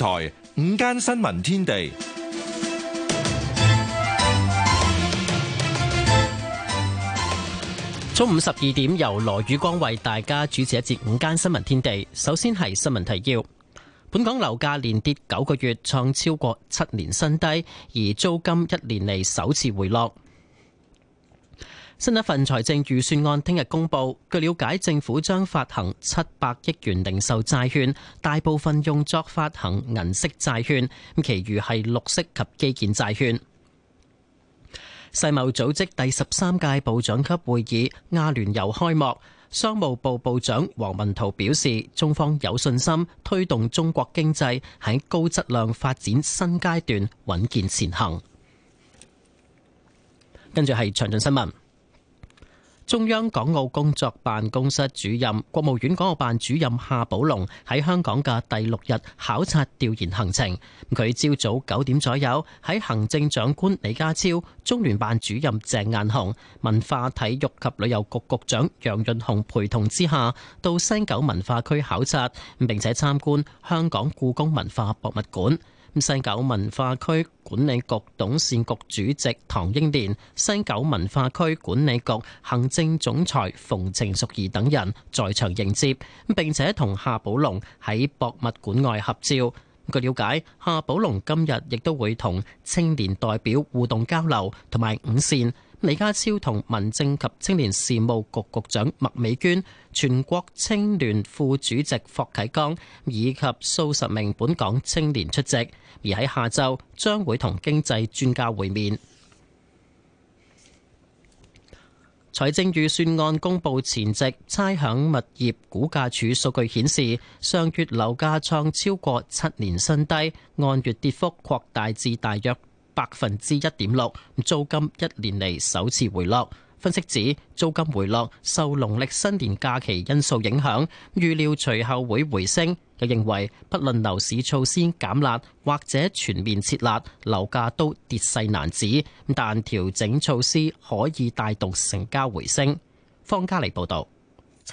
台午間新聞天地，中午十二點由羅宇光為大家主持一節午間新聞天地。首先係新聞提要：本港樓價連跌九個月，創超過七年新低，而租金一年嚟首次回落。新一份財政預算案聽日公布。據了解，政府將發行七百億元零售債券，大部分用作發行銀色債券，其餘係綠色及基建債券。世貿組織第十三屆部長級會議阿聯酋開幕，商務部部長王文濤表示，中方有信心推動中國經濟喺高質量發展新階段穩健前行。跟住係詳盡新聞。中央港澳工作辦公室主任、國務院港澳辦主任夏寶龍喺香港嘅第六日考察調研行程，佢朝早九點左右喺行政長官李家超、中聯辦主任鄭雁雄、文化體育及旅遊局局長楊潤雄陪同之下，到西九文化區考察，並且參觀香港故宮文化博物館。西九文化區管理局董事局主席唐英年、西九文化區管理局行政總裁馮程淑儀等人在場迎接，並且同夏寶龍喺博物館外合照。據了解，夏寶龍今日亦都會同青年代表互動交流同埋午宴。李家超同民政及青年事務局局長麥美娟、全國青聯副主席霍啟剛以及數十名本港青年出席，而喺下晝將會同經濟專家會面。財政預算案公布前夕，差餉物業估價署數據顯示，上月樓價創超過七年新低，按月跌幅擴大至大約百分之一點六，租金一年嚟首次回落。分析指租金回落受農曆新年假期因素影響，預料隨後會回升。又認為不論樓市措施減辣或者全面撤辣，樓價都跌勢難止。但調整措施可以帶動成交回升。方嘉利報道。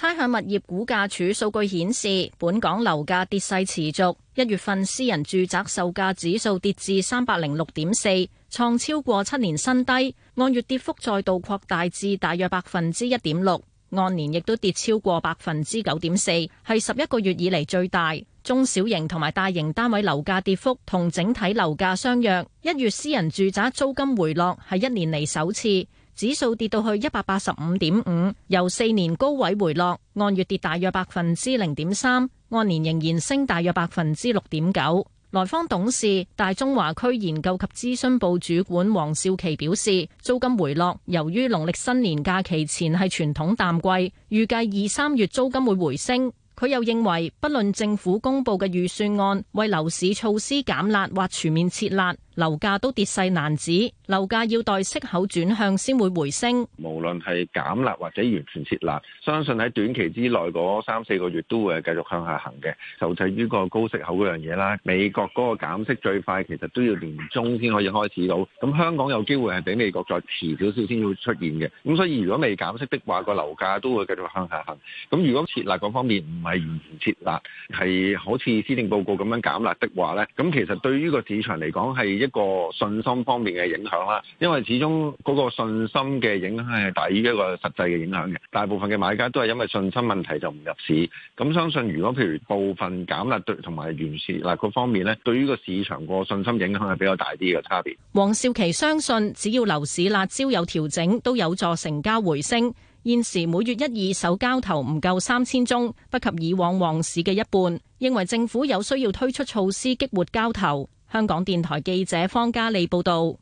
差餉物業估價署數據顯示，本港樓價跌勢持續。一月份私人住宅售價指數跌至三百零六點四，創超過七年新低。按月跌幅再度擴大至大約百分之一點六，按年亦都跌超過百分之九點四，係十一個月以嚟最大。中小型同埋大型單位樓價跌幅同整體樓價相若，一月私人住宅租金回落係一年嚟首次。指數跌到去一百八十五點五，由四年高位回落，按月跌大約百分之零點三，按年仍然升大約百分之六點九。來方董事、大中華區研究及諮詢部主，主管黃少琪表示，租金回落，由於農曆新年假期前係傳統淡季，預計二三月租金會回升。佢又認為，不論政府公布嘅預算案為樓市措施減辣或全面撤辣。樓價都跌勢難止，樓價要待息口轉向先會回升。無論係減辣或者完全撤辣，相信喺短期之內嗰三四個月都會繼續向下行嘅。受制於個高息口嗰樣嘢啦，美國嗰個減息最快其實都要年中先可以開始到，咁香港有機會係比美國再遲少少先會出現嘅。咁所以如果未減息的話，個樓價都會繼續向下行。咁如果撤辣嗰方面唔係完全撤辣，係好似施政報告咁樣減辣的話呢，咁其實對於個市場嚟講係一個信心方面嘅影響啦，因為始終嗰個信心嘅影響係大於一個實際嘅影響嘅。大部分嘅買家都係因為信心問題就唔入市。咁相信如果譬如部分減壓對同埋完善嗱各方面呢對於個市場個信心影響係比較大啲嘅差別。黃少琪相信，只要樓市辣招有調整，都有助成交回升。現時每月一二手交投唔夠三千宗，不及以往旺市嘅一半。認為政府有需要推出措施激活交投。香港電台記者方嘉莉報道。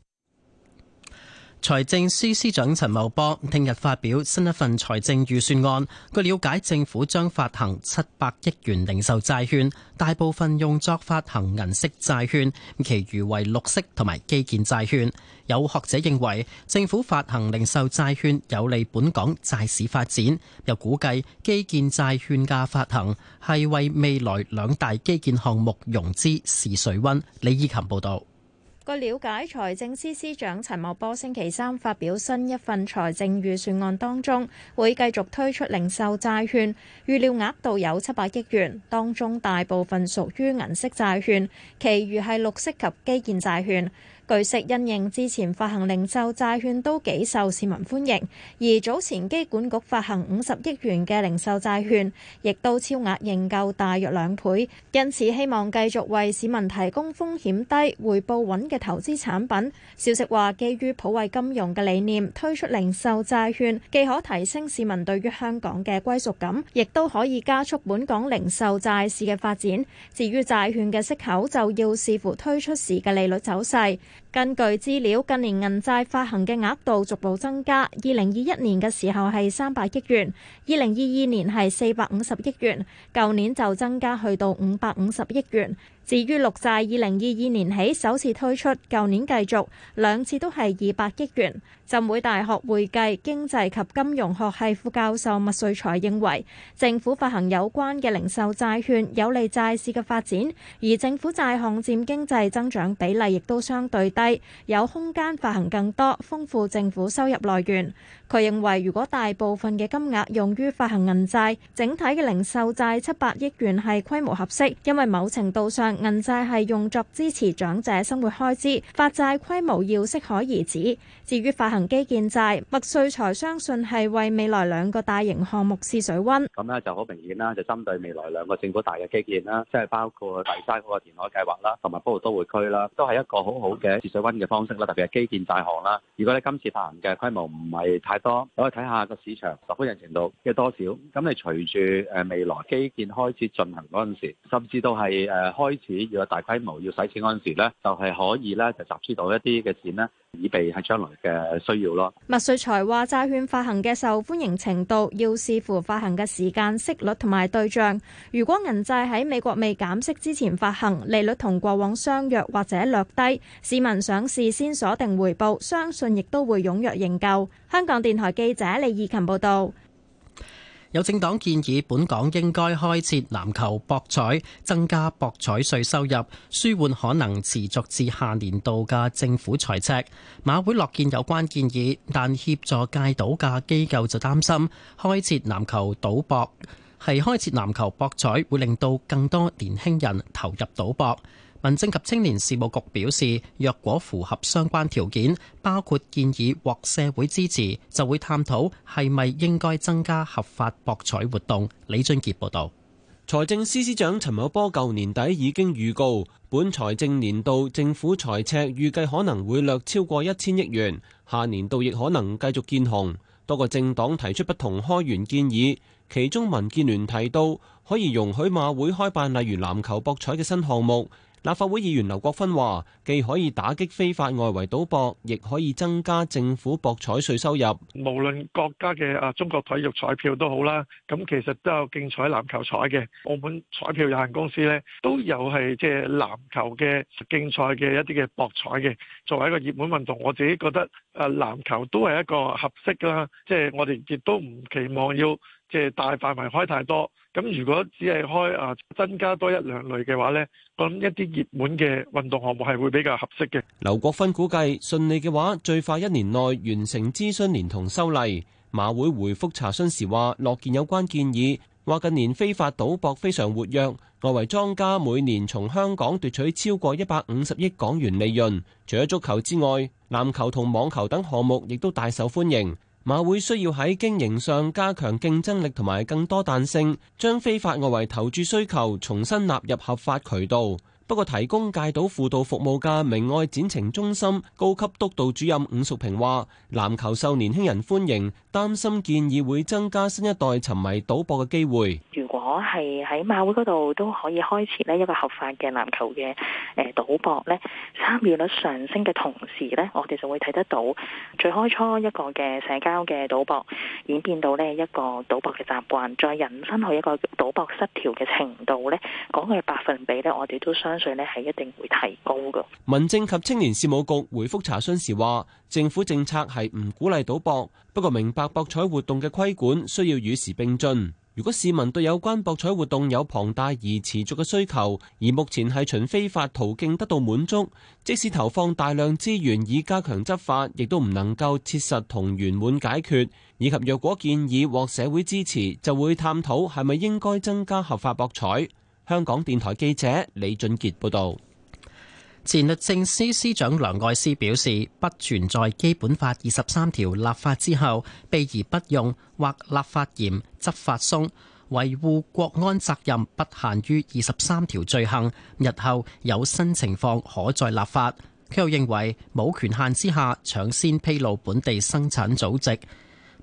財政司司長陳茂波聽日發表新一份財政預算案。據了解，政府將發行七百億元零售債券，大部分用作發行銀色債券，其餘為綠色同埋基建債券。有學者認為，政府發行零售債券有利本港債市發展。又估計基建債券嘅發行係為未來兩大基建項目融資試水溫。李依琴報道。據了解，財政司司長陳茂波星期三發表新一份財政預算案，當中會繼續推出零售債券，預料額度有七百億元，當中大部分屬於銀色債券，其餘係綠色及基建債券。據悉，因應之前發行零售債券都幾受市民歡迎，而早前機管局發行五十億元嘅零售債券，亦都超額認購大約兩倍，因此希望繼續為市民提供風險低、回報穩嘅投資產品。消息話，基於普惠金融嘅理念推出零售債券，既可提升市民對於香港嘅歸屬感，亦都可以加速本港零售債市嘅發展。至於債券嘅息口，就要視乎推出時嘅利率走勢。根據資料，近年銀債發行嘅額度逐步增加。二零二一年嘅時候係三百億元，二零二二年係四百五十億元，舊年就增加去到五百五十億元。至於綠債，二零二二年起首次推出，舊年繼續，兩次都係二百億元。浸會大學會計經濟及金融學系副教授麥瑞才認為，政府發行有關嘅零售債券有利債市嘅發展，而政府債項佔經濟增長比例亦都相對低，有空間發行更多，豐富政府收入來源。佢認為，如果大部分嘅金額用於發行銀債，整體嘅零售債七百億元係規模合適，因為某程度上銀債係用作支持長者生活開支，發債規模要適可而止。至於發行基建債，麥萃才相信係為未來兩個大型項目試水温。咁呢就好明顯啦，就針對未來兩個政府大嘅基建啦，即係包括大沙河填海計劃啦，同埋北部都會區啦，都係一個好好嘅試水温嘅方式啦。特別係基建債項啦，如果你今次發行嘅規模唔係太多，我哋睇下個市場受歡迎程度嘅多少。咁你隨住誒未來基建開始進行嗰陣時，甚至到係誒開始要大規模要使錢嗰陣時咧，就係可以咧就集資到一啲嘅錢啦，以備喺將來嘅需要咯。麥瑞才話：債券發行嘅受歡迎程度要視乎發行嘅時間、息率同埋對象。如果銀債喺美國未減息之前發行，利率同過往相約或者略低，市民想事先鎖定回報，相信亦都會踴躍認購。香港電台記者李義勤報道，有政黨建議本港應該開設籃球博彩，增加博彩稅收入，舒緩可能持續至下年度嘅政府財赤。馬會樂見有關建議，但協助戒賭嘅機構就擔心，開設籃球賭博係開設籃球博彩會令到更多年輕人投入賭博。民政及青年事務局表示，若果符合相關條件，包括建議獲社會支持，就會探討係咪應該增加合法博彩活動。李俊杰報道。財政司司長陳茂波舊年底已經預告，本財政年度政府財赤預計可能會略超過一千億元，下年度亦可能繼續見紅。多個政黨提出不同開源建議，其中民建聯提到可以容許馬會開辦例如籃球博彩嘅新項目。立法會議員劉國芬話，既可以打擊非法外圍賭博，亦可以增加政府博彩稅收入。無論國家嘅啊中國體育彩票都好啦，咁其實都有競彩籃球彩嘅，澳門彩票有限公司呢，都有係即係籃球嘅競賽嘅一啲嘅博彩嘅，作為一個熱門運動，我自己覺得啊籃球都係一個合適啦，即係我哋亦都唔期望要。即係大範圍開太多，咁如果只係開啊增加多一兩類嘅話，咧，咁一啲熱門嘅運動項目係會比較合適嘅。劉國芬估計順利嘅話最快一年內完成諮詢連同修例馬會回覆查詢時話樂見有關建議，話近年非法賭博非常活躍，外圍莊家每年從香港奪取超過一百五十億港元利潤，除咗足球之外，籃球同網球等項目亦都大受歡迎。馬會需要喺經營上加強競爭力同埋更多彈性，將非法外圍投注需求重新納入合法渠道。不過提供戒賭輔導服務嘅明愛展情中心高級督導主任伍淑平話，籃球受年輕人歡迎，擔心建議會增加新一代沉迷賭博嘅機會。如果係喺馬會嗰度都可以開設咧一個合法嘅籃球嘅誒賭博咧，參與率上升嘅同時咧我哋就會睇得到最開初一個嘅社交嘅賭博演變到咧一個賭博嘅習慣，再引申去一個賭博失調嘅程度咧，嗰個百分比咧我哋都想。稅係一定會提高噶。民政及青年事務局回覆查詢時話，政府政策係唔鼓勵賭博，不過明白博彩活動嘅規管需要與時並進。如果市民對有關博彩活動有龐大而持續嘅需求，而目前係循非法途徑得到滿足，即使投放大量資源以加強執法，亦都唔能夠切實同圓滿解決。以及若果建議獲社會支持，就會探討係咪應該增加合法博彩。香港電台記者李俊杰報道，前律政司司長梁愛詩表示，不存在《基本法》二十三條立法之後避而不用或立法嚴、執法鬆，維護國安責任不限於二十三條罪行。日後有新情況可再立法。佢又認為冇權限之下搶先披露本地生產組織，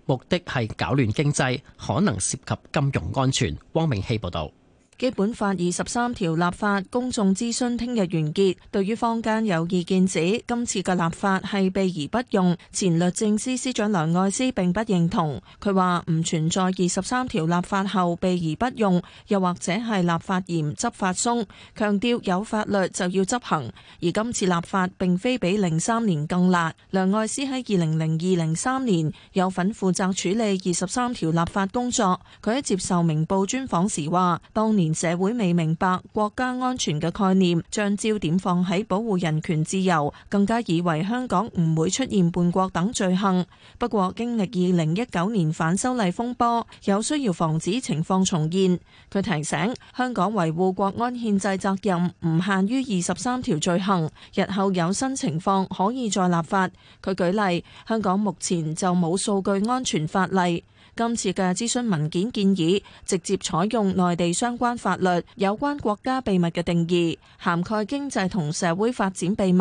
目的係搞亂經濟，可能涉及金融安全。汪明希報道。基本法二十三條立法公眾諮詢聽日完結，對於坊間有意見指今次嘅立法係備而不用，前律政司司長梁愛詩並不認同。佢話唔存在二十三條立法後備而不用，又或者係立法嚴執法鬆，強調有法律就要執行，而今次立法並非比零三年更辣。梁愛詩喺二零零二零三年有份負責處理二十三條立法工作，佢喺接受明報專訪時話當年。連社會未明白國家安全嘅概念，將焦點放喺保護人權自由，更加以為香港唔會出現叛國等罪行。不過經歷二零一九年反修例風波，有需要防止情況重現。佢提醒香港維護國安憲制責任唔限於二十三條罪行，日後有新情況可以再立法。佢舉例，香港目前就冇數據安全法例。今次嘅諮詢文件建議直接採用內地相關法律、有關國家秘密嘅定義，涵蓋經濟同社會發展秘密。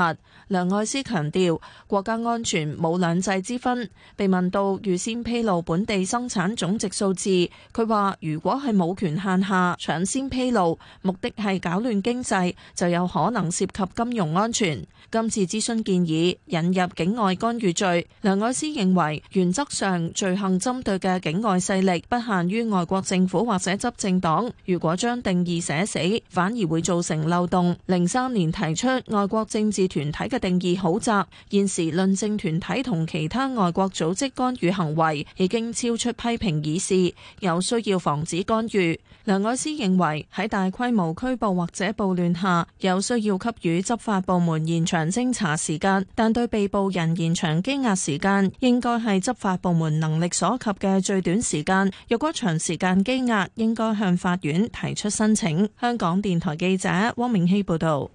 梁愛詩強調，國家安全冇兩制之分。被問到預先披露本地生產總值數字，佢話：如果係冇權限下搶先披露，目的係搞亂經濟，就有可能涉及金融安全。今次諮詢建議引入境外干預罪，梁愛詩認為原則上罪行針對嘅。境外勢力不限於外國政府或者執政黨，如果將定義寫死，反而會造成漏洞。零三年提出外國政治團體嘅定義好窄，現時論政團體同其他外國組織干預行為已經超出批評議事，有需要防止干預。梁愛詩認為喺大規模拘捕或者暴亂下，有需要給予執法部門現場偵查時間，但對被捕人現場拘押時間，應該係執法部門能力所及嘅最短時間。若果長時間拘押，應該向法院提出申請。香港電台記者汪明熙報導。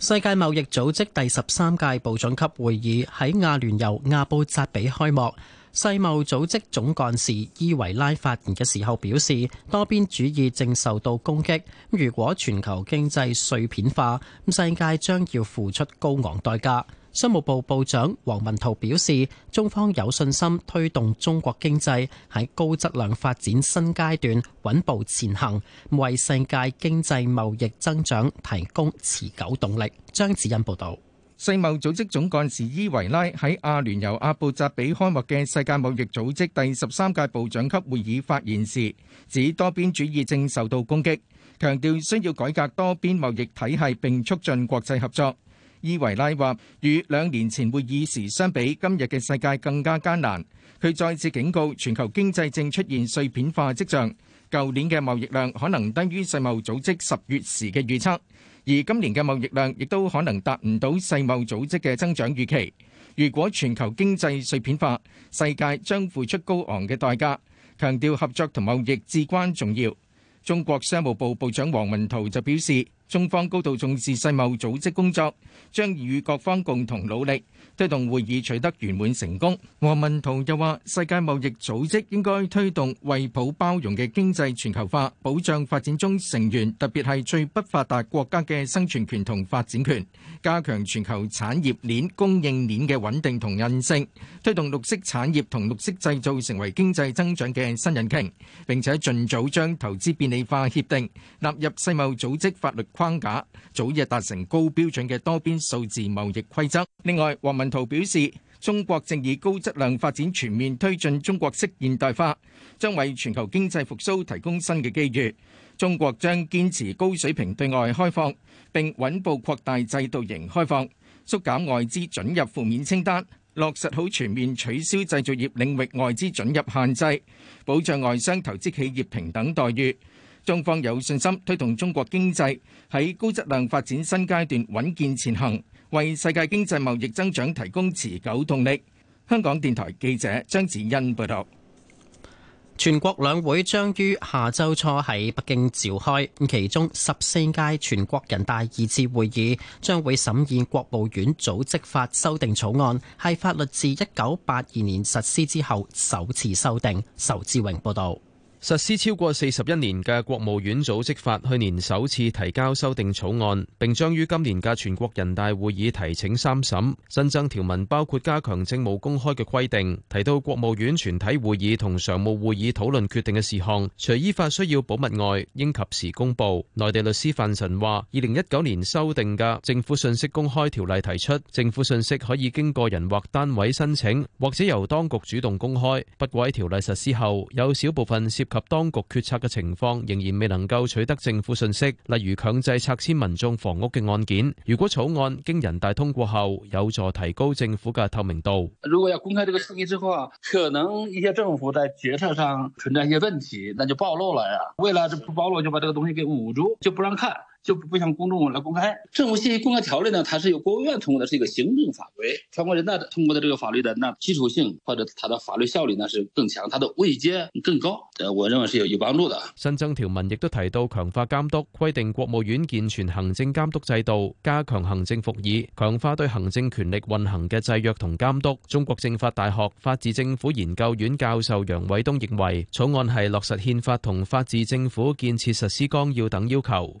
世界貿易組織第十三屆部長級會議喺阿聯酋阿布扎比開幕。世貿組織總幹事伊維拉發言嘅時候表示，多邊主義正受到攻擊。如果全球經濟碎片化，世界將要付出高昂代價。商務部部長王文濤表示，中方有信心推動中國經濟喺高質量發展新階段穩步前行，為世界經濟貿易增長提供持久動力。張子欣報導。世貿組織總幹事伊維拉喺阿聯酋阿布扎比開幕嘅世界貿易組織第而今年嘅貿易量亦都可能達唔到世貿組織嘅增長預期。如果全球經濟碎片化，世界將付出高昂嘅代價。強調合作同貿易至關重要。中國商務部部長王文濤就表示，中方高度重視世貿組織工作，將與各方共同努力。推動會議取得圓滿成功。王文濤又話：世界貿易組織應該推動普惠包容嘅經濟全球化，保障發展中成員，特別係最不發達國家嘅生存權同發展權，加強全球產業鏈供應鏈嘅穩定同韌性，推動綠色產業同綠色製造成為經濟增長嘅新引擎。並且盡早將投資便利化協定納入世貿組織法律框架，早日達成高標準嘅多邊數字貿易規則。另外，王文。文圖表示，中國正以高質量發展全面推進中國式現代化，將為全球經濟復甦提供新嘅機遇。中國將堅持高水平對外開放，並穩步擴大制度型開放，縮減外資准入負面清單，落實好全面取消製造業領域外資准入限制，保障外商投資企業平等待遇。中方有信心推動中國經濟喺高質量發展新階段穩健前行。為世界經濟貿易增長提供持久動力。香港電台記者張子欣報道，全國兩會將於下周初喺北京召開，其中十四屆全國人大二次會議將會審議國務院組織法修訂草案，係法律自一九八二年實施之後首次修訂。仇志榮報道。實施超過四十一年嘅國務院組織法，去年首次提交修訂草案，並將於今年嘅全國人大會議提請三審。新增條文包括加強政務公開嘅規定，提到國務院全體會議同常務會議討論決定嘅事項，除依法需要保密外，應及時公布。內地律師范晨話，二零一九年修訂嘅政府信息公開條例提出，政府信息可以經個人或單位申請，或者由當局主動公開。不過喺條例實施後，有少部分涉及當局決策嘅情況仍然未能夠取得政府信息，例如強制拆遷民眾房屋嘅案件。如果草案經人大通過後，有助提高政府嘅透明度。如果要公開這個信息之後啊，可能一些政府在決策上存在一些問題，那就暴露了呀。為了不暴露，就把這個東西給捂住，就不讓看。就不向公眾來公開。政府信息公開條例呢，它是由國務院通過的，是一個行政法規。全國人大通過的這個法律的，那基礎性或者它的法律效力呢，是更強，它的位階更高。我認為是有有幫助的。新增條文亦都提到強化監督，規定國務院健全行政監督制度，加強行政復議，強化對行政權力運行嘅制約同監督。中國政法大學法治政府研究院教授楊偉東認為，草案係落實憲法同法治政府建設實施綱要等要求。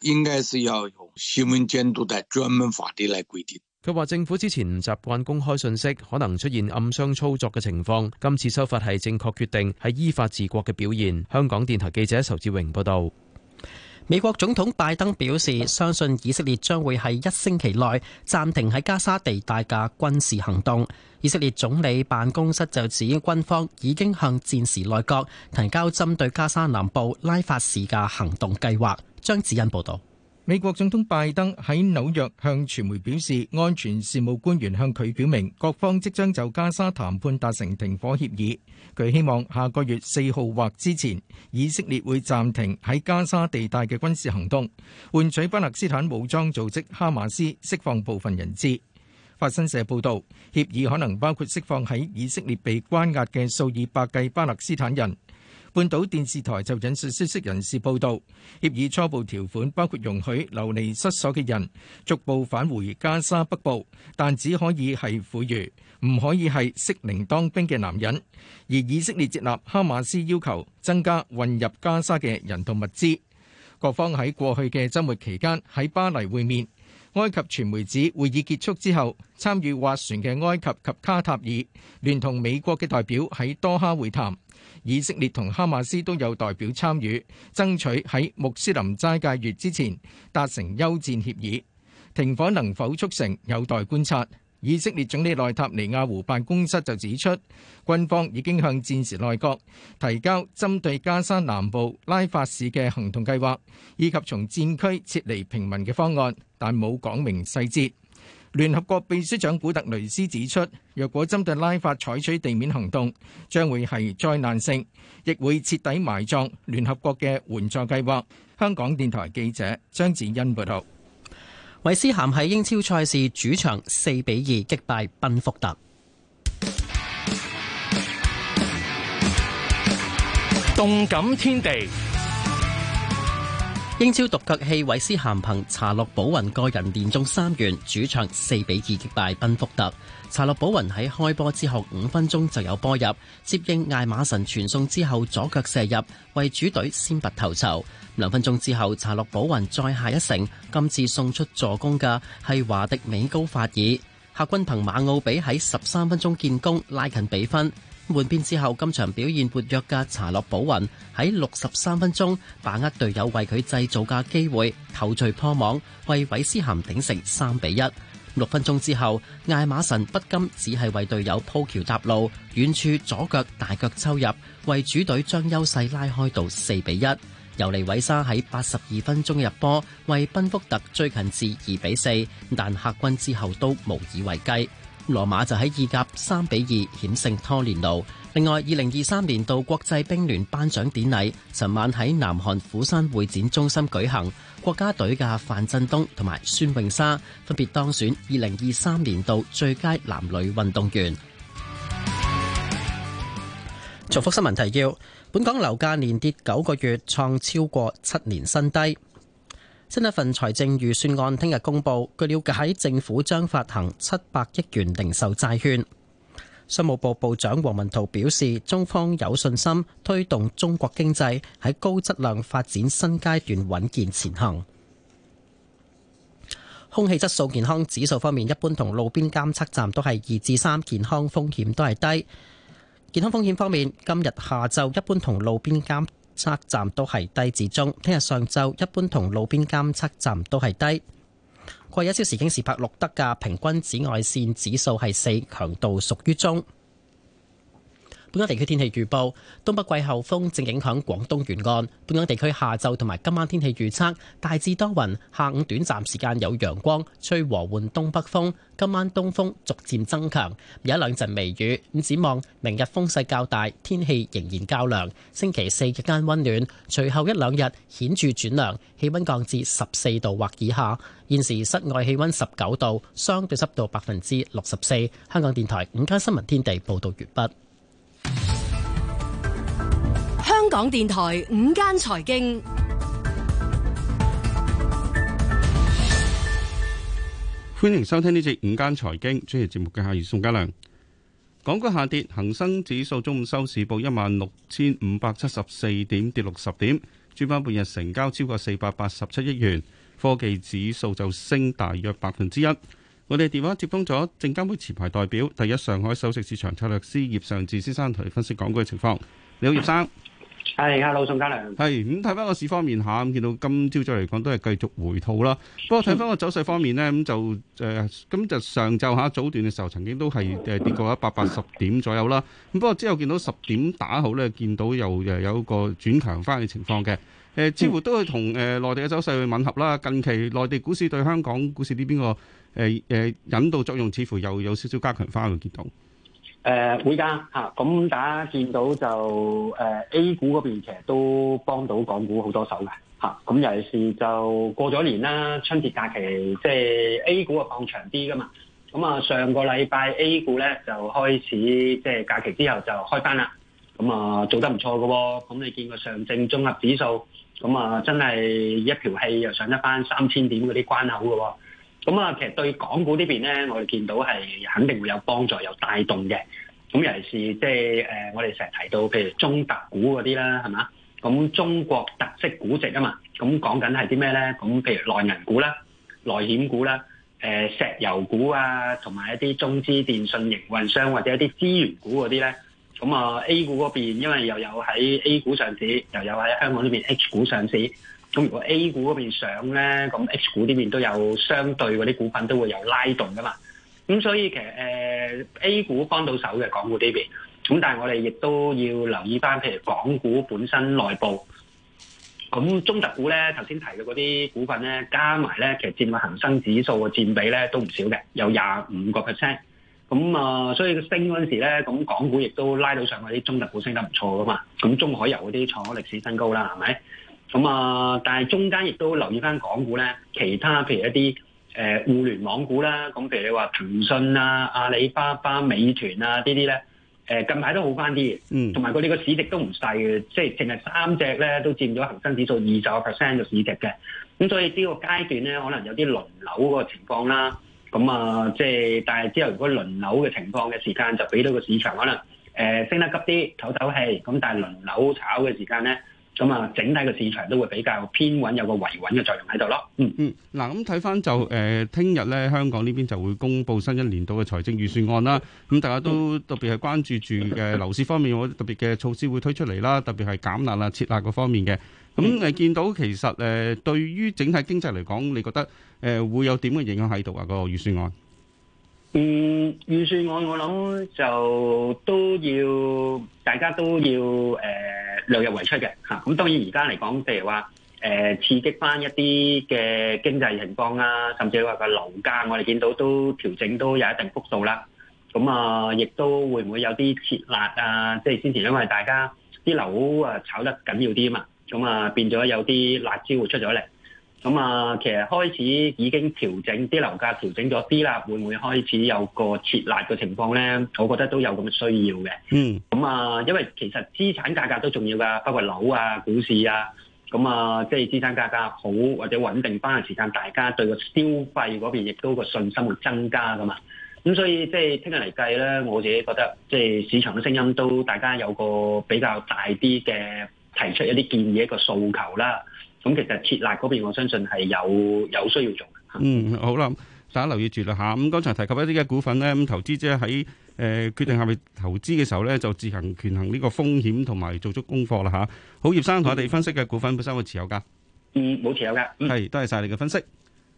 應該是要用新聞監督的專門法律來規定。佢話政府之前唔習慣公開信息，可能出現暗箱操作嘅情況。今次修法係正確決定，係依法治國嘅表現。香港電台記者仇志榮報道。美國總統拜登表示，相信以色列將會喺一星期內暫停喺加沙地帶嘅軍事行動。以色列總理辦公室就指，軍方已經向戰時內閣提交針對加沙南部拉法市嘅行動計劃。張子欣報道。美國總統拜登喺紐約向傳媒表示，安全事務官員向佢表明，各方即將就加沙談判達成停火協議。佢希望下個月四號或之前，以色列會暫停喺加沙地帶嘅軍事行動，換取巴勒斯坦武裝組織哈馬斯釋放部分人質。法新社報道，協議可能包括釋放喺以色列被關押嘅數以百計巴勒斯坦人。半島電視台就引述消息人士報道，協議初步條款包括容許流離失所嘅人逐步返回加沙北部，但只可以係婦孺，唔可以係適齡當兵嘅男人。而以色列接納哈馬斯要求增加運入加沙嘅人道物資。各方喺過去嘅週末期間喺巴黎會面。埃及傳媒指會議結束之後，參與斡旋嘅埃及及卡塔爾，聯同美國嘅代表喺多哈會談。以色列同哈馬斯都有代表參與，爭取喺穆斯林齋戒月之前達成休戰協議。停火能否促成，有待觀察。以色列總理內塔尼亞胡辦公室就指出，軍方已經向戰時內閣提交針對加沙南部拉法市嘅行動計劃，以及從戰區撤離平民嘅方案，但冇講明細節。聯合國秘書長古特雷斯指出，若果針對拉法採取地面行動，將會係災難性，亦會徹底埋葬聯合國嘅援助計劃。香港電台記者張子欣報導。韋斯咸喺英超賽事主場四比二擊敗賓福特。動感天地。英超獨腳戲韋斯咸憑查洛保雲個人連中三元，主場四比二擊敗賓福特。查洛保雲喺開波之後五分鐘就有波入，接應艾馬神傳送之後左腳射入為主隊先拔頭籌。兩分鐘之後查洛保雲再下一城，今次送出助攻嘅係華迪美高法爾。客軍憑馬奧比喺十三分鐘建功拉近比分。換邊之後，今場表現活躍嘅查洛保雲喺六十三分鐘把握隊友為佢製造嘅機會，頭槌破網，為韋斯咸頂成三比一。六分鐘之後，艾馬神不甘，只係為隊友鋪橋搭路，遠處左腳大腳抽入，為主隊將優勢拉開到四比一。尤尼韋沙喺八十二分鐘入波，為賓福特追近至二比四，但客軍之後都無以為繼。羅馬就喺意甲三比二險勝拖連奴。另外，二零二三年度國際乒聯頒獎典禮，尋晚喺南韓釜山會展中心舉行。國家隊嘅范振東同埋孫穎莎分別當選二零二三年度最佳男女運動員。重複新聞提要：本港樓價連跌九個月，創超過七年新低。新一份財政預算案聽日公布，據了解，政府將發行七百億元零售債券。商務部部長王文濤表示，中方有信心推動中國經濟喺高質量發展新階段穩健前行。空氣質素健康指數方面，一般同路邊監測站都係二至三，健康風險都係低。健康風險方面，今日下晝一般同路邊監。測站都係低至中。聽日上晝一般同路邊監測站都係低。過一小時京士柏錄得嘅平均紫外線指數係四，強度屬於中。本港地區天氣預報，東北季候風正影響廣東沿岸。本港地區下晝同埋今晚天氣預測大致多雲，下午短暫時間有陽光，吹和緩東北風。今晚東風逐漸增強，有一兩陣微雨。咁展望明日風勢較大，天氣仍然較涼。星期四日間溫暖，隨後一兩日顯著轉涼，氣溫降至十四度或以下。現時室外氣溫十九度，相對濕度百分之六十四。香港電台午間新聞天地報道完畢。香港電台午間財經歡迎收聽呢節午間財經，主持節目嘅係宋嘉良。港股下跌，恒生指數中午收市報一萬六千五百七十四點，跌六十點。主板半日成交超過四百八十七億元。科技指數就升大約百分之一。我哋電話接通咗證監會持牌代表，第一上海首席市場策略師葉尚志先生，同你分析港股嘅情況。你好，葉生。係，hello，宋家良。係，咁睇翻個市方面下，咁見到今朝早嚟講都係繼續回吐啦。不過睇翻個走勢方面咧，咁就誒，咁、呃、就上晝吓早段嘅時候，曾經都係誒跌過一百八十點左右啦。咁不過之後見到十點打後咧，見到又誒有一個轉強翻嘅情況嘅。誒、呃，似乎都係同誒內地嘅走勢去吻合啦。近期內地股市對香港股市呢邊個誒誒、呃、引導作用，似乎又有，有少少加強翻嘅結到。誒，會噶嚇，咁大家見到就誒、啊、A 股嗰邊其實都幫到港股好多手嘅。咁、啊、尤其是就過咗年啦，春節假期即係、就是、A 股啊放長啲噶嘛，咁啊上個禮拜 A 股咧就開始即係、就是、假期之後就開翻啦，咁啊做得唔錯嘅喎、哦，咁你見過上證綜合指數，咁啊真係一條氣又上一翻三千點嗰啲關口嘅喎、哦。咁啊，其實對港股這邊呢邊咧，我哋見到係肯定會有幫助，有帶動嘅。咁尤其是即係誒，我哋成日提到，譬如中特股嗰啲啦，係嘛？咁中國特色估值啊嘛，咁講緊係啲咩咧？咁譬如內銀股啦、內險股啦、誒、呃、石油股啊，同埋一啲中資電信營運商或者一啲資源股嗰啲咧。咁啊，A 股嗰邊因為又有喺 A 股上市，又有喺香港呢邊 H 股上市。咁如果 A 股嗰邊上咧，咁 H 股呢邊都有相對嗰啲股份都會有拉動噶嘛。咁所以其實誒、呃、A 股幫到手嘅港股呢邊，咁但係我哋亦都要留意翻，譬如港股本身內部。咁中特股咧，頭先提嘅嗰啲股份咧，加埋咧，其實佔恒生指數嘅佔比咧都唔少嘅，有廿五個 percent。咁啊，所以升嗰陣時咧，咁港股亦都拉到上去啲中特股升得唔錯噶嘛。咁中海油嗰啲創咗歷史新高啦，係咪？咁、嗯、啊！但係中間亦都留意翻港股咧，其他譬如一啲誒、呃、互聯網股啦，咁譬如你話騰訊啊、阿里巴巴、美團啊呢啲咧，誒、呃、近排都好翻啲，嗯，同埋佢哋個市值都唔細嘅，即係淨係三隻咧都佔咗恒生指數二十個 percent 嘅市值嘅。咁所以呢個階段咧，可能有啲輪流個情況啦。咁啊，即係但係之後如果輪流嘅情況嘅時間，就俾到個市場可能誒、呃、升得急啲唞唞氣。咁但係輪流炒嘅時間咧。咁啊，整體嘅市場都會比較偏穩，有個維穩嘅作用喺度咯。嗯嗯，嗱，咁睇翻就誒，聽日咧香港呢邊就會公布新一年度嘅財政預算案啦。咁、嗯嗯嗯、大家都特別係關注住嘅樓市方面，有特別嘅措施會推出嚟啦，特別係減壓啊、切壓嗰方面嘅。咁、嗯、誒，嗯、咁你見到其實誒、呃，對於整體經濟嚟講，你覺得誒、呃、會有點嘅影響喺度啊？嗰個預算案。嗯，預算案我諗就都要，大家都要誒量入為出嘅嚇。咁、啊、當然而家嚟講，譬如話誒、呃、刺激翻一啲嘅經濟情況啊，甚至話個樓價，我哋見到都調整都有一定幅度啦。咁啊，亦都會唔會有啲撤辣啊？即係先前因為大家啲樓啊炒得緊要啲啊嘛，咁啊變咗有啲辣椒會出咗嚟。咁、嗯、啊，其實開始已經調整啲樓價，調整咗啲啦。會唔會開始有個撤辣嘅情況咧？我覺得都有咁嘅需要嘅。嗯。咁、嗯、啊，因為其實資產價格都重要㗎，包括樓啊、股市啊。咁、嗯、啊，即係資產價格好或者穩定返嘅時間，大家對個消費嗰邊亦都個信心會增加㗎嘛。咁、嗯、所以即係聽日嚟計咧，我自己覺得即係市場嘅聲音都大家有個比較大啲嘅提出一啲建議一個訴求啦。咁其實撤辣嗰邊，我相信係有有需要做嘅。嗯，好啦，大家留意住啦吓。咁剛才提及一啲嘅股份呢，咁投資者喺誒、呃、決定係咪投資嘅時候呢，就自行權衡呢個風險同埋做足功課啦吓。好，葉生同我哋分析嘅股份本身有冇持有噶？嗯，冇持有噶。係、嗯，多謝晒你嘅分析。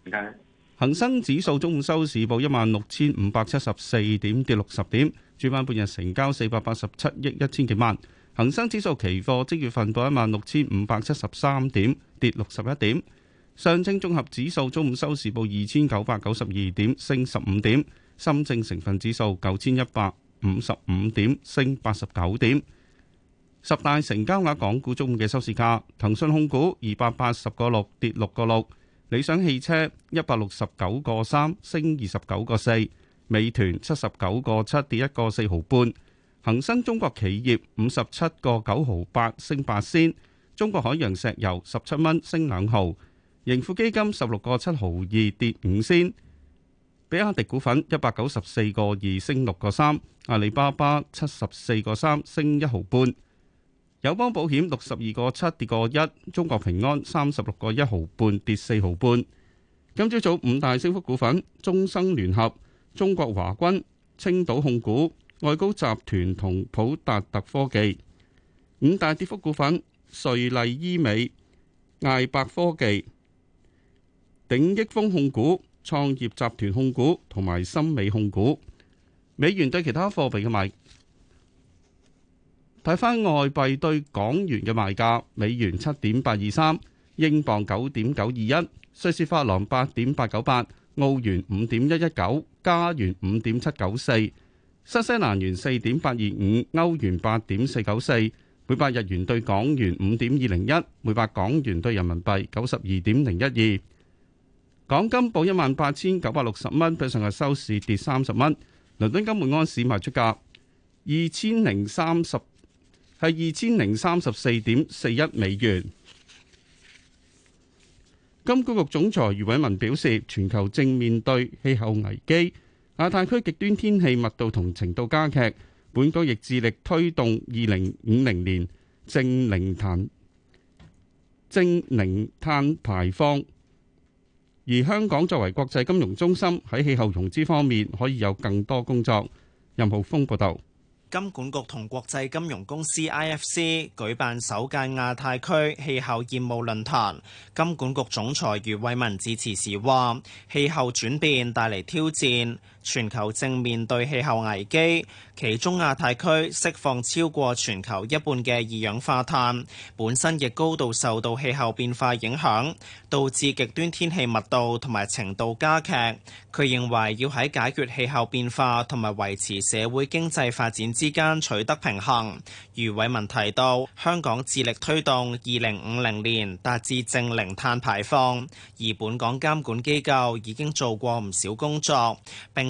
唔該。恒生指數中午收市報一萬六千五百七十四點，跌六十點。主板半日成交四百八十七億一千幾萬。恒生指數期貨即月份報一萬六千五百七十三點，跌六十一點。上證綜合指數中午收市報二千九百九十二點，升十五點。深證成分指數九千一百五十五點，升八十九點。十大成交額港股中午嘅收市價：騰訊控股二百八十個六，跌六個六；理想汽車一百六十九個三，升二十九個四；美團七十九個七，跌一個四毫半。恒生中國企業五十七個九毫八升八仙，中國海洋石油十七蚊升兩毫，盈富基金十六個七毫二跌五仙，比亞迪股份一百九十四個二升六個三，阿里巴巴七十四個三升一毫半，友邦保險六十二個七跌個一，中國平安三十六個一毫半跌四毫半。今朝早,早五大升幅股份：中生聯合、中國華軍、青島控股。外高集團同普達特科技。五大跌幅股份，瑞麗醫美、艾伯科技、鼎益豐控股、創業集團控股同埋森美控股。美元對其他貨幣嘅賣，睇返外幣對港元嘅賣價，美元七點八二三，英鎊九點九二一，瑞士法郎八點八九八，澳元五點一一九，加元五點七九四。新西蘭元四點八二五，歐元八點四九四，每百日元對港元五點二零一，每百港元對人民幣九十二點零一二。港金報一萬八千九百六十蚊，比上日收市跌三十蚊。倫敦金每安士賣出價二千零三十，係二千零三十四點四一美元。金管局總裁余偉文表示，全球正面對氣候危機。亞太區極端天氣密度同程度加劇，本港亦致力推動二零五零年淨零碳、淨零碳排放。而香港作為國際金融中心，喺氣候融資方面可以有更多工作。任浩峰報導。金管局同國際金融公司 IFC 舉辦首屆亞太區氣候業務論壇。金管局總裁余偉文致辭時話：氣候轉變帶嚟挑戰。全球正面對氣候危機，其中亞太區釋放超過全球一半嘅二氧化碳，本身亦高度受到氣候變化影響，導致極端天氣密度同埋程度加劇。佢認為要喺解決氣候變化同埋維持社會經濟發展之間取得平衡。余偉文提到，香港致力推動二零五零年達至正零碳排放，而本港監管機構已經做過唔少工作。並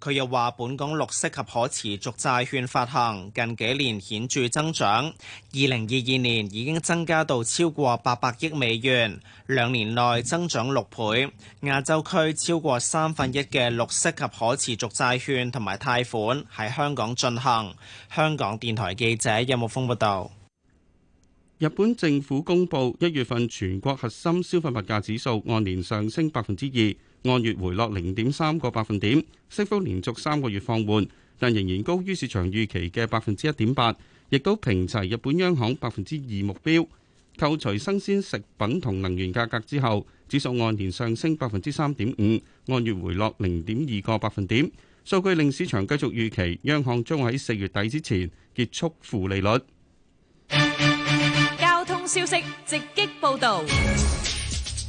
佢又話：本港綠色及可持續債券發行近幾年顯著增長，二零二二年已經增加到超過八百億美元，兩年內增長六倍。亞洲區超過三分一嘅綠色及可持續債券同埋貸款喺香港進行。香港電台記者任木峰報道。日本政府公布一月份全國核心消費物價指數按年上升百分之二。按月回落零點三個百分點，升幅連續三個月放緩，但仍然高於市場預期嘅百分之一點八，亦都平齊日本央行百分之二目標。扣除生鮮食品同能源價格之後，指數按年上升百分之三點五，按月回落零點二個百分點。數據令市場繼續預期，央行將喺四月底之前結束負利率。交通消息直擊報道。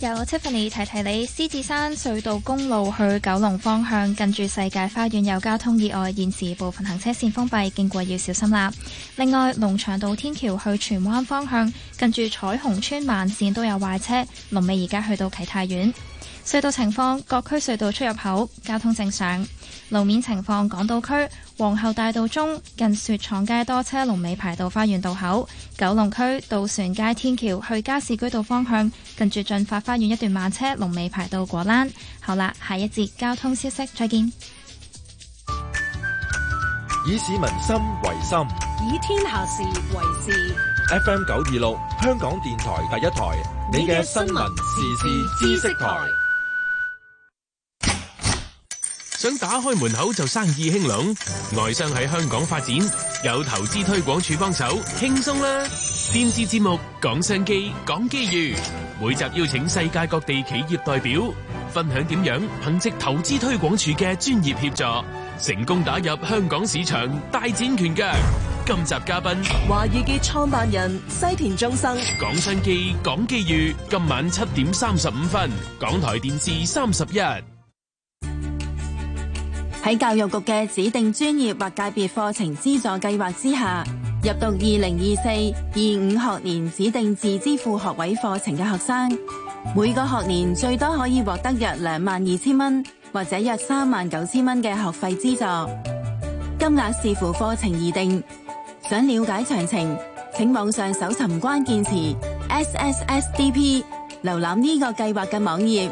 由 Tiffany 提提你，獅子山隧道公路去九龍方向，近住世界花園有交通意外，現時部分行車綫封閉，經過要小心啦。另外，龍翔道天橋去荃灣方向，近住彩虹村慢綫都有壞車，龍尾而家去到啟泰苑。隧道情況，各區隧道出入口交通正常。路面情況：港島區皇后大道中近雪廠街多車，龍尾排到花園道口；九龍區渡船街天橋去加士居道方向近住進發花園一段慢車龍尾排到果欄。好啦，下一節交通消息，再見。以市民心為心，以天下事為事。FM 九二六，香港電台第一台，你嘅新聞時事知識台。想打開門口就生意興隆，外商喺香港發展有投資推廣署幫手，輕鬆啦！電視節目講商機，講機遇，每集邀請世界各地企業代表分享點樣，憑借投資推廣署嘅專業協助，成功打入香港市場，大展拳腳。今集嘉賓華語嘅創辦人西田中生，講商機，講機遇。今晚七點三十五分，港台電視三十一。喺教育局嘅指定專業或界別課程資助計劃之下，入讀2024-25學年指定自資副學位課程嘅學生，每個學年最多可以獲得約兩萬二千蚊或者約三萬九千蚊嘅學費資助，金額視乎課程而定。想了解詳情，請網上搜尋關鍵詞 SSSDP，瀏覽呢個計劃嘅網頁。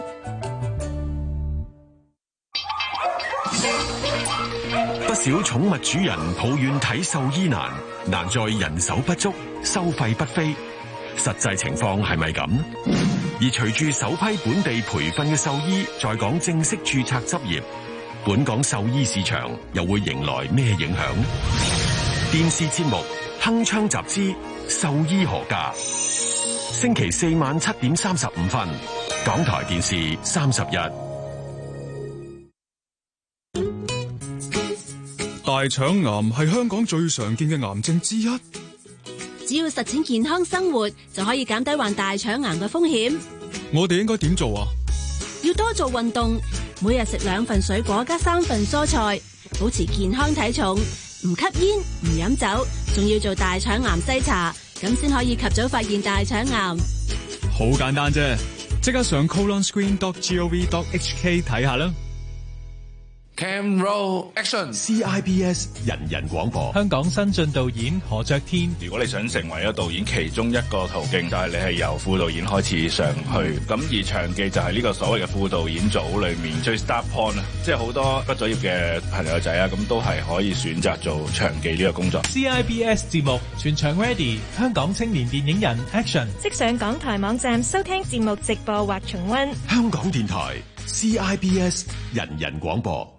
不少寵物主人抱怨睇獸醫難，難在人手不足、收費不菲。實際情況係咪咁？ 而隨住首批本地培訓嘅獸醫在港正式註冊執業，本港獸醫市場又會迎來咩影響？電視節目《鏗鏘集之獸醫何價》星期四晚七點三十五分，港台電視三十一。大腸癌係香港最常見嘅癌症之一，只要實踐健康生活就可以減低患大腸癌嘅風險。我哋應該點做啊？要多做運動，每日食兩份水果加三份蔬菜，保持健康體重，唔吸煙唔飲酒，仲要做大腸癌篩查，咁先可以及早發現大腸癌。好簡單啫，即刻上，上 colonscreen.gov.hk 睇下啦。Cam Roll Action CIBS 人人廣播。香港新晉導演何爵天。如果你想成為一個導演，其中一個途徑就係你係由副導演開始上去。咁而長記就係呢個所謂嘅副導演組裏面最 start point 啊，即係好多畢咗業嘅朋友仔啊，咁都係可以選擇做長記呢個工作。CIBS 節目全場 ready。香港青年電影人 Action，即上港台網站收聽節目直播或重温。香港電台 CIBS 人人廣播。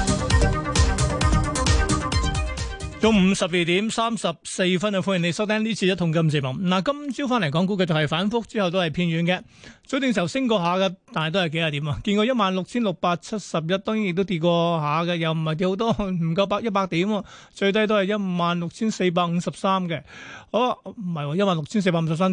中午十二點三十四分啊，歡迎你收聽呢次一桶金節目。嗱，今朝翻嚟講股，估計就係反覆之後都係偏軟嘅。早段時候升過下嘅，但係都係幾廿點啊，見過一萬六千六百七十一，當然亦都跌過下嘅，又唔係跌好多，唔夠百一百點啊，最低都係一萬六千四百五十三嘅。哦，唔係一萬六千四百五十三。